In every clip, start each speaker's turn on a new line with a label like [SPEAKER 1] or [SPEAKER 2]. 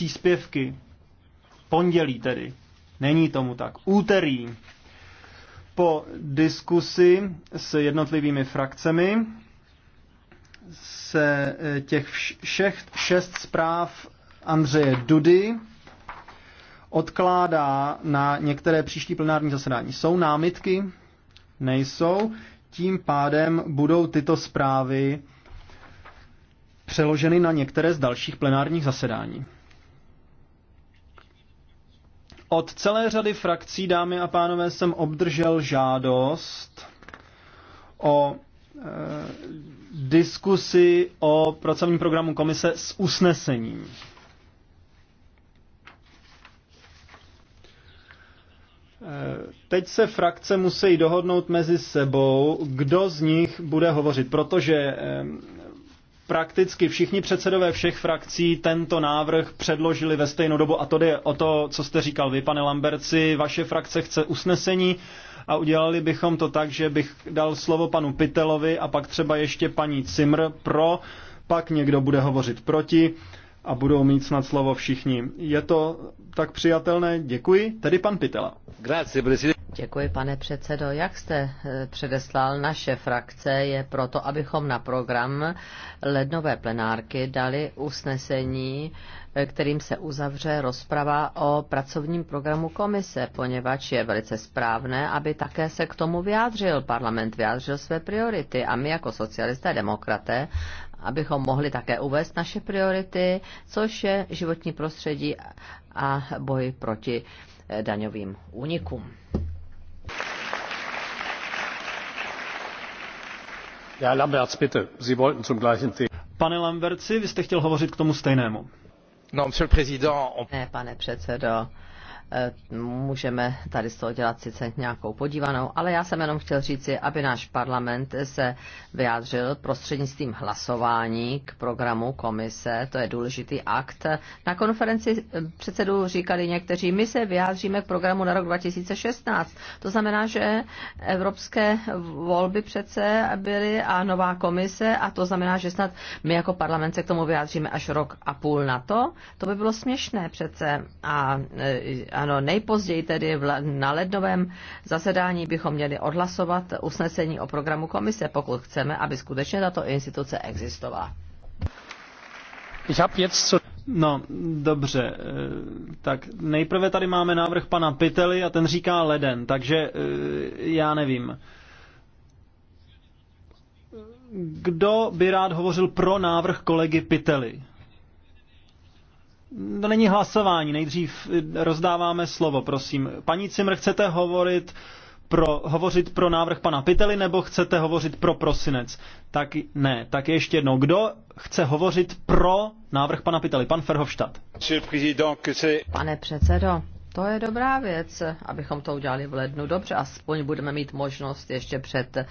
[SPEAKER 1] příspěvky. Pondělí tedy. Není tomu tak. Úterý. Po diskusi s jednotlivými frakcemi se eh, těch všech šest zpráv Andřeje Dudy odkládá na některé příští plenární zasedání. Jsou námitky? Nejsou. Tím pádem budou tyto zprávy přeloženy na některé z dalších plenárních zasedání. Od celé řady frakcí, dámy a pánové, jsem obdržel žádost o e, diskusi o pracovním programu komise s usnesením. Eh, teď se frakce musí dohodnout mezi sebou, kdo z nich bude hovořit, protože eh, prakticky všichni předsedové všech frakcí tento návrh předložili ve stejnou dobu a to jde o to, co jste říkal vy, pane Lamberci, vaše frakce chce usnesení a udělali bychom to tak, že bych dal slovo panu Pitelovi a pak třeba ještě paní Cimr pro, pak někdo bude hovořit proti a budou mít snad slovo všichni. Je to tak přijatelné? Děkuji. Tedy pan Pitela. Grazie,
[SPEAKER 2] Děkuji, pane předsedo. Jak jste eh, předeslal, naše frakce je proto, abychom na program lednové plenárky dali usnesení, eh, kterým se uzavře rozprava o pracovním programu komise, poněvadž je velice správné, aby také se k tomu vyjádřil. Parlament vyjádřil své priority a my jako socialisté demokraté abychom mohli také uvést naše priority, což je životní prostředí a boj proti eh, daňovým únikům.
[SPEAKER 1] Ja, Lamberts, bitte. Sie wollten zum gleichen Thema. Pane předsedo já jsem chtěl hovořit k tomu stejnému.
[SPEAKER 2] pane předsedo Eh, můžeme tady z toho dělat sice nějakou podívanou, ale já jsem jenom chtěl říci, aby náš parlament se vyjádřil prostřednictvím hlasování k programu komise, to je důležitý akt. Na konferenci předsedů říkali někteří, my se vyjádříme k programu na rok 2016. To znamená, že evropské volby přece byly a nová komise a to znamená, že snad my jako parlament se k tomu vyjádříme až rok a půl na to. To by bylo směšné přece a, a ano, nejpozději tedy v, na lednovém zasedání bychom měli odhlasovat usnesení o programu komise, pokud chceme, aby skutečně tato instituce existovala.
[SPEAKER 1] No, dobře. Eh, tak nejprve tady máme návrh pana Pitely a ten říká leden, takže eh, já nevím. Kdo by rád hovořil pro návrh kolegy Pitely? to není hlasování, nejdřív eh, rozdáváme slovo, prosím. Paní Cimr, chcete hovorit pro, hovořit pro návrh pana Pitely, nebo chcete hovořit pro prosinec? Tak ne, tak ještě jednou. Kdo chce hovořit pro návrh pana Pitely? Pan Ferhovštad.
[SPEAKER 2] Pane předsedo, to je dobrá věc, abychom to udělali v lednu. Dobře, aspoň budeme mít možnost ještě před e,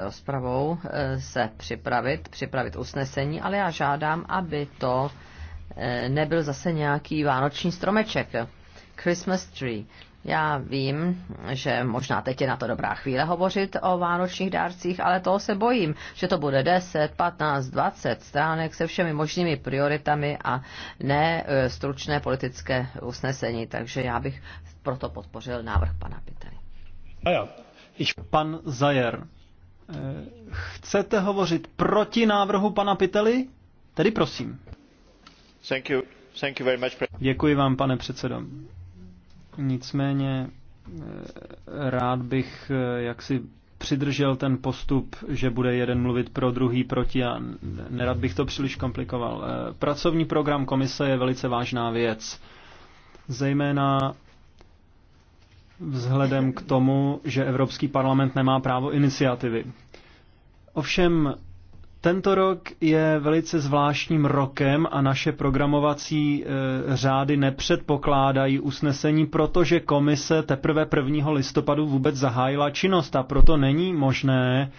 [SPEAKER 2] rozpravou e, se připravit, připravit usnesení, ale já žádám, aby to Eh, nebyl zase nějaký vánoční stromeček. Christmas tree. Já vím, že možná teď je na to dobrá chvíle hovořit o vánočních dárcích, ale toho se bojím, že to bude 10, 15, 20 stránek se všemi možnými prioritami a ne eh, stručné politické usnesení. Takže já bych proto podpořil návrh
[SPEAKER 1] pana Pitely. A jo, pan Zajer, eh, chcete hovořit proti návrhu pana Pitely? Tedy prosím. Děkuji vám, pane předsedo. Nicméně eh, rád bych eh, jaksi přidržel ten postup, že bude jeden mluvit pro druhý proti a nerad bych to příliš komplikoval. Eh, pracovní program komise je velice vážná věc. Zejména vzhledem k tomu, že Evropský parlament nemá právo iniciativy. Ovšem tento rok je velice zvláštním rokem a naše programovací e, řády nepředpokládají usnesení, protože komise teprve 1. listopadu vůbec zahájila činnost a proto není možné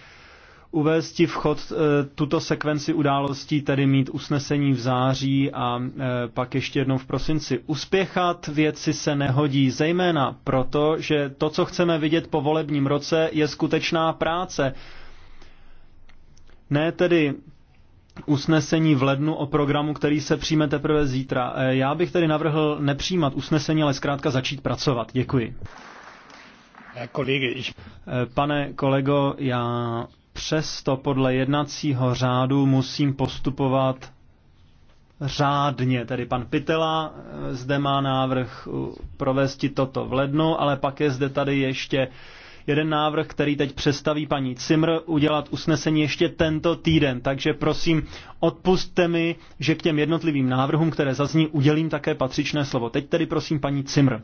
[SPEAKER 1] uvést v chod e, tuto sekvenci událostí, tedy mít usnesení v září a e, pak ještě jednou v prosinci. Uspěchat věci se nehodí, zejména proto, že to, co chceme vidět po volebním roce, je skutečná práce ne tedy usnesení v lednu o programu, který se přijme teprve zítra. E, já bych tedy navrhl nepřijímat usnesení, ale zkrátka začít pracovat. Děkuji. E, e, pane kolego, já přesto podle jednacího řádu musím postupovat řádně. Tedy pan Pitela zde má návrh provést toto v lednu, ale pak je zde tady ještě jeden návrh, který teď přestaví paní Cimr, udělat usnesení ještě tento týden. Takže prosím, odpustte mi, že k těm jednotlivým návrhům, které zazní, udělím také patřičné slovo. Teď tedy prosím paní Cimr.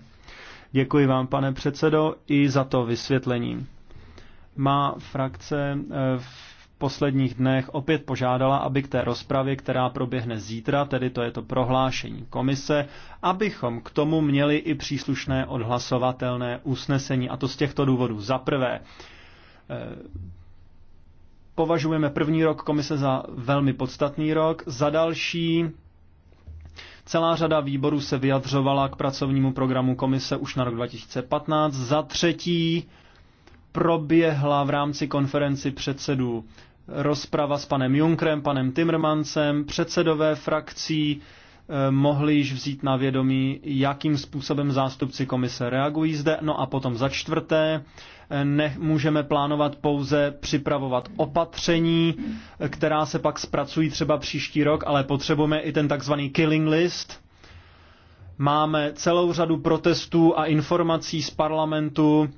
[SPEAKER 1] Děkuji vám, pane předsedo, i za to vysvětlení. Má frakce v eh, posledních dnech opět požádala, aby k té rozpravě, která proběhne zítra, tedy to je to prohlášení komise, abychom k tomu měli i příslušné odhlasovatelné usnesení. A to z těchto důvodů. Za prvé, eh, považujeme první rok komise za velmi podstatný rok. Za další, Celá řada výborů se vyjadřovala k pracovnímu programu komise už na rok 2015. Za třetí, proběhla v rámci konferenci předsedů rozprava s panem Junkrem, panem Timmermansem, předsedové frakcí eh, mohli již vzít na vědomí, jakým způsobem zástupci komise reagují zde. No a potom za čtvrté, eh, ne, můžeme plánovat pouze připravovat opatření, eh, která se pak zpracují třeba příští rok, ale potřebujeme i ten takzvaný killing list. Máme celou řadu protestů a informací z parlamentu,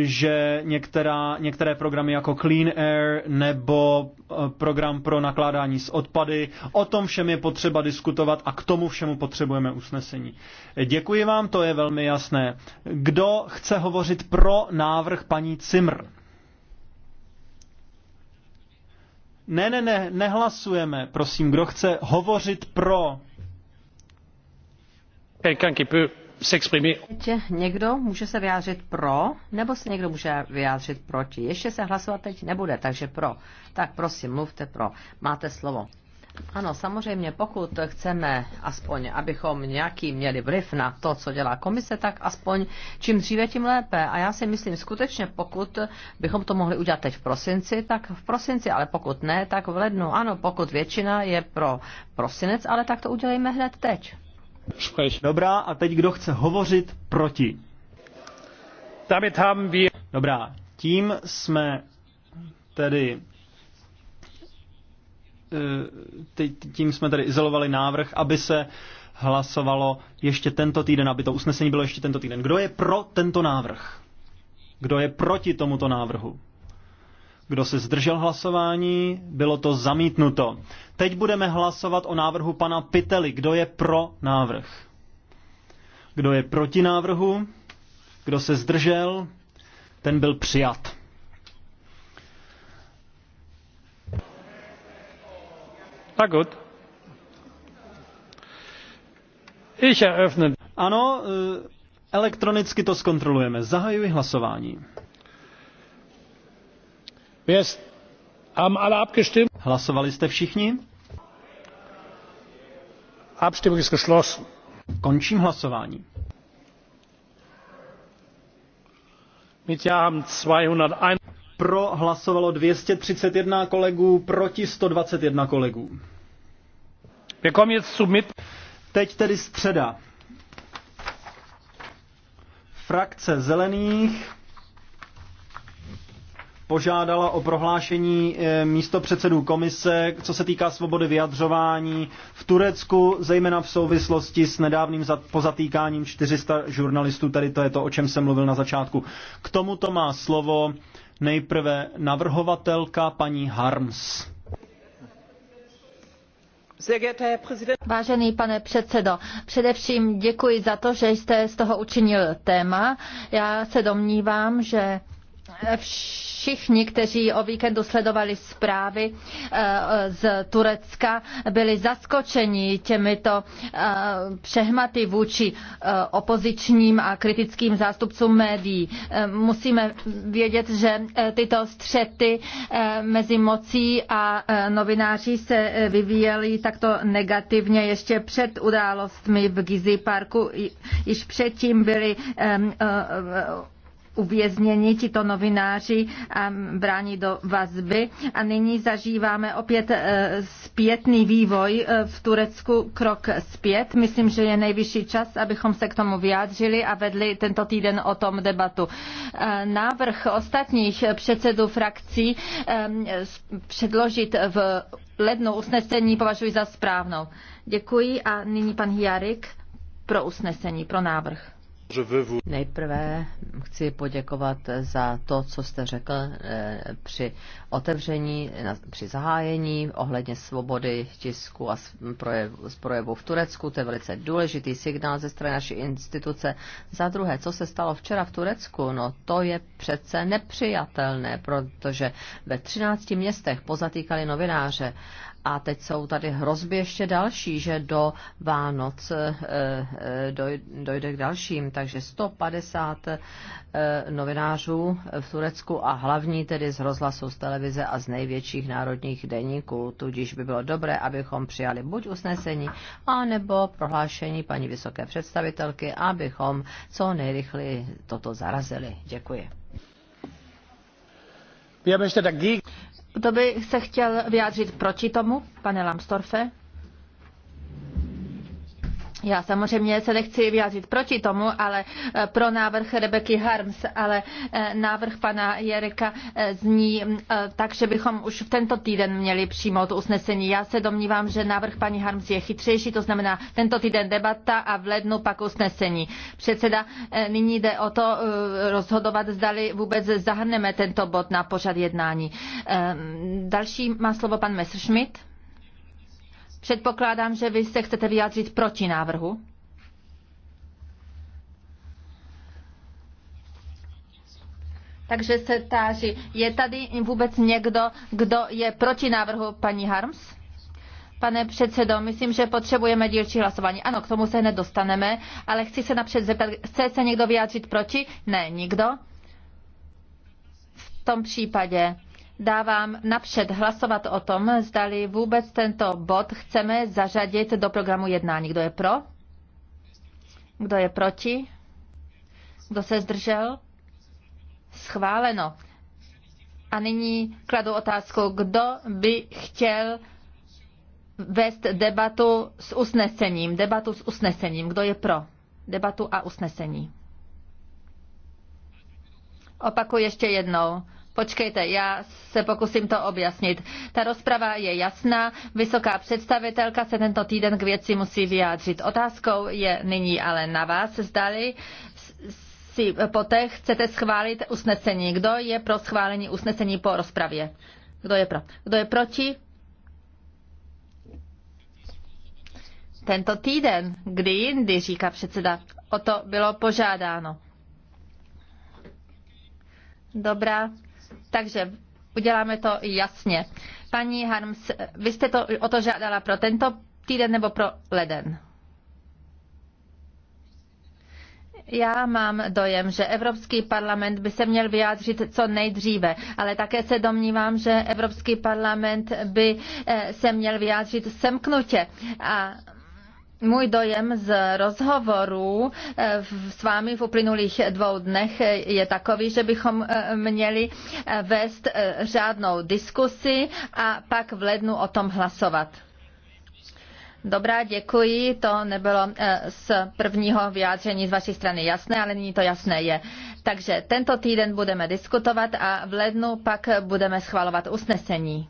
[SPEAKER 1] že některá, některé programy jako Clean Air nebo eh, program pro nakládání s odpady, o tom všem je potřeba diskutovat a k tomu všemu potřebujeme usnesení. Děkuji vám, to je velmi jasné. Kdo chce hovořit pro návrh paní Cimr? Ne, ne, ne, nehlasujeme, prosím. Kdo chce hovořit pro? Hey, s'exprimer.
[SPEAKER 2] Někdo může se vyjádřit pro, nebo se někdo může vyjádřit proti. Ještě se hlasovat teď nebude, takže pro. Tak prosím, mluvte pro. Máte slovo. Ano, samozřejmě, pokud chceme aspoň, abychom nějaký měli vliv na to, co dělá komise, tak aspoň čím dříve, tím lépe. A já si myslím, skutečně, pokud bychom to mohli udělat teď v prosinci, tak v prosinci, ale pokud ne, tak v lednu. Ano, pokud většina je pro prosinec, ale tak to udělejme hned
[SPEAKER 1] teď. Dobrá, a teď kdo chce hovořit proti? Dobrá, tím jsme tedy eh, tím jsme tedy izolovali návrh, aby se hlasovalo ještě tento týden, aby to usnesení bylo ještě tento týden. Kdo je pro tento návrh? Kdo je proti tomuto návrhu? Kdo se zdržel hlasování, bylo to zamítnuto. Teď budeme hlasovat o návrhu pana Pitely. Kdo je pro návrh? Kdo je proti návrhu? Kdo se zdržel? Ten byl přijat. Tak gut. Ich eröffne. Ano, eh, elektronicky to zkontrolujeme. Zahajuji hlasování. Hlasovali jste všichni? Abstimmung ist geschlossen. Končím hlasování. Mit ja haben 201 pro hlasovalo 231 kolegů, proti 121 kolegů. Wir kommen jetzt zu mit Teď tedy středa. Frakce zelených požádala o prohlášení eh, místo předsedů komise, co se týká svobody vyjadřování v Turecku, zejména v souvislosti s nedávným pozatýkáním 400 žurnalistů, tady to je to, o čem jsem mluvil na začátku. K tomuto má slovo nejprve navrhovatelka paní Harms.
[SPEAKER 3] Vážený pane předsedo, především děkuji za to, že jste z toho učinil téma. Já se domnívám, že Všichni, kteří o víkendu sledovali zprávy eh, z Turecka, byli zaskočeni těmito eh, přehmaty vůči eh, opozičním a kritickým zástupcům médií. Musíme vědět, že tyto střety mezi mocí a novináři se vyvíjely takto negativně ještě před událostmi v Gizi parku. Již předtím byly uvězněni tito novináři a brání do vazby. A nyní zažíváme opět eh, zpětný vývoj eh, v Turecku, krok zpět. Myslím, že je nejvyšší čas, abychom se k tomu vyjádřili a vedli tento týden o tom debatu. Eh, návrh ostatních předsedů frakcí ehm, předložit v lednu usnesení považuji za správnou. Děkuji a nyní pan Jarik pro usnesení, pro návrh.
[SPEAKER 2] Nejprve chci poděkovat za to, co jste řekl eh, při otevření, při zahájení ohledně svobody tisku a z projevu v Turecku. To je velice důležitý signál ze strany naší instituce. Za druhé, co se stalo včera v Turecku, no to je přece nepřijatelné, protože ve 13 městech pozatýkali novináře a teď jsou tady hrozby ještě další, že do Vánoc eh, eh, dojde k dalším. Takže 150 eh, novinářů v Turecku a hlavní tedy z rozhlasu, z televize a z největších národních denníků. Tudíž by bylo dobré, abychom přijali buď usnesení, anebo prohlášení paní vysoké představitelky, abychom co nejrychleji toto zarazili. Děkuji. Kdo by se
[SPEAKER 3] chtěl vyjádřit proti tomu, pane Lambsdorffe? Já samozřejmě se nechci vyjádřit proti tomu, ale eh, pro návrh Rebeky Harms, ale eh, návrh pana Jereka eh, zní mm, tak, že bychom už v tento týden měli přijmout usnesení. Já se domnívám, že návrh paní Harms je chytřejší, to znamená tento týden debata a v lednu pak usnesení. Předseda, nyní jde o to rozhodovat, zdali vůbec zahrneme tento bod na pořad jednání. Další má slovo pan Messerschmidt. Předpokládám, že vy se chcete vyjádřit proti návrhu. Takže se táží, je tady vůbec někdo, kdo je proti návrhu paní Harms? Pane předsedo, myslím, že potřebujeme dílčí hlasování. Ano, k tomu se dostaneme, ale chci se napřed zeptat, chce se někdo vyjádřit proti? Ne, nikdo. V tom případě dávám napřed hlasovat o tom, zdali vůbec tento bod chceme zařadit do programu jednání. Kdo je pro? Kdo je proti? Kdo se zdržel? Schváleno. A nyní kladu otázku, kdo by chtěl vést debatu s usnesením. Debatu s usnesením. Kdo je pro? Debatu a usnesení. Opakuji ještě jednou. Počkejte, já se pokusím to objasnit. Ta rozprava je jasná, vysoká představitelka se tento týden k věci musí vyjádřit. Otázkou je nyní ale na vás, zdali si poté chcete schválit usnesení. Kdo je pro schválení usnesení po rozpravě? Kdo je pro? Kdo je proti? Tento týden, kdy jindy, říká předseda, o to bylo požádáno. Dobrá, takže uděláme to jasně. Paní Harms, vy jste to, o to žádala pro tento týden nebo pro leden? Já mám dojem, že Evropský parlament by se měl vyjádřit co nejdříve, ale také se domnívám, že Evropský parlament by eh, se měl vyjádřit semknutě. A můj dojem z rozhovoru eh, s vámi v uplynulých dvou dnech eh, je takový, že bychom eh, měli vést řádnou diskusi a pak v lednu o tom hlasovat. Dobrá, děkuji. To nebylo z prvního vyjádření z vaší strany jasné, ale nyní to jasné je. Takže tento týden budeme diskutovat a v lednu pak budeme schvalovat usnesení.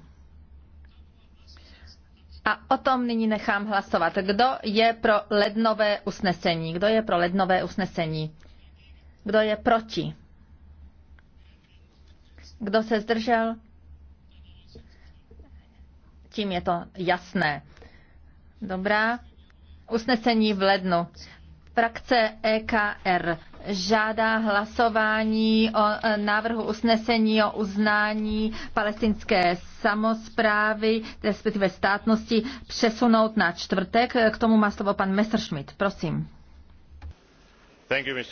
[SPEAKER 3] A o tom nyní nechám hlasovat. Kdo je pro lednové usnesení? Kdo je pro lednové usnesení? Kdo je proti? Kdo se zdržel? Tím je to jasné. Dobrá. Usnesení v lednu. Frakce EKR žádá hlasování o e, návrhu usnesení o uznání palestinské samozprávy, respektive státnosti, přesunout na čtvrtek. K tomu má slovo pan Messerschmidt. Prosím. Uh,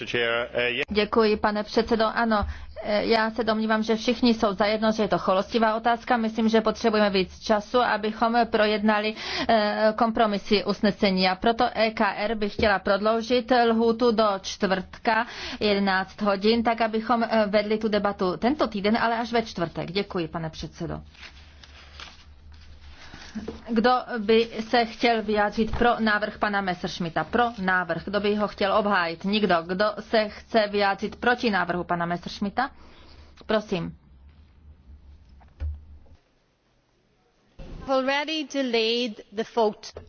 [SPEAKER 3] Děkuji, pane předsedo. Ano, eh, já se domnívám, že všichni jsou zajedno, že je to cholostivá otázka. Myslím, že potřebujeme víc času, abychom projednali eh, kompromisy usnesení. A proto EKR by chtěla prodloužit lhůtu do čtvrtka 11 hodin, tak abychom eh, vedli tu debatu tento týden, ale až ve čtvrtek. Děkuji, pane předsedo. Kdo by se chtěl vyjádřit pro návrh pana Messerschmitta? Pro návrh. Kdo by ho chtěl obhájit? Nikdo. Kdo se chce vyjádřit proti návrhu pana Messerschmitta? Prosím.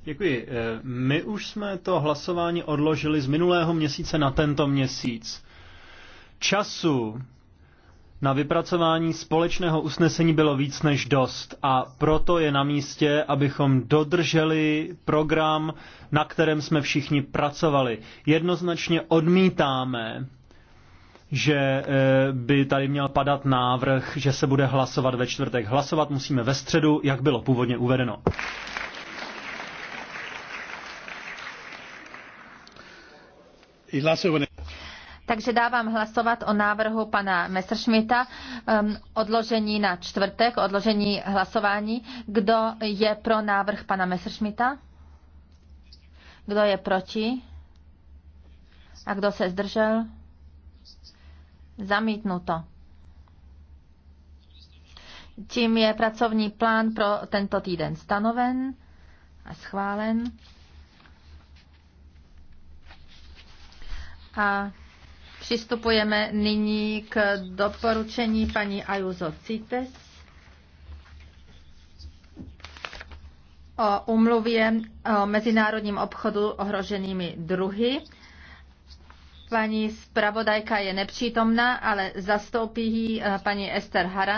[SPEAKER 1] Děkuji. Eh, my už jsme to hlasování odložili z minulého měsíce na tento měsíc. Času na vypracování společného usnesení bylo víc než dost a proto je na místě, abychom dodrželi program, na kterém jsme všichni pracovali. Jednoznačně odmítáme, že eh, by tady měl padat návrh, že se bude hlasovat ve čtvrtek. Hlasovat musíme ve středu, jak bylo původně uvedeno.
[SPEAKER 3] Takže dávám hlasovat o návrhu pana Messerschmitta um, odložení na čtvrtek, odložení hlasování. Kdo je pro návrh pana Messerschmitta? Kdo je proti? A kdo se zdržel? Zamítnuto. Tím je pracovní plán pro tento týden stanoven a schválen. A Přistupujeme nyní k doporučení paní Ajuzo Cites o umluvě o mezinárodním obchodu ohroženými druhy. Paní zpravodajka je nepřítomná, ale zastoupí ji eh, paní Esther Haran.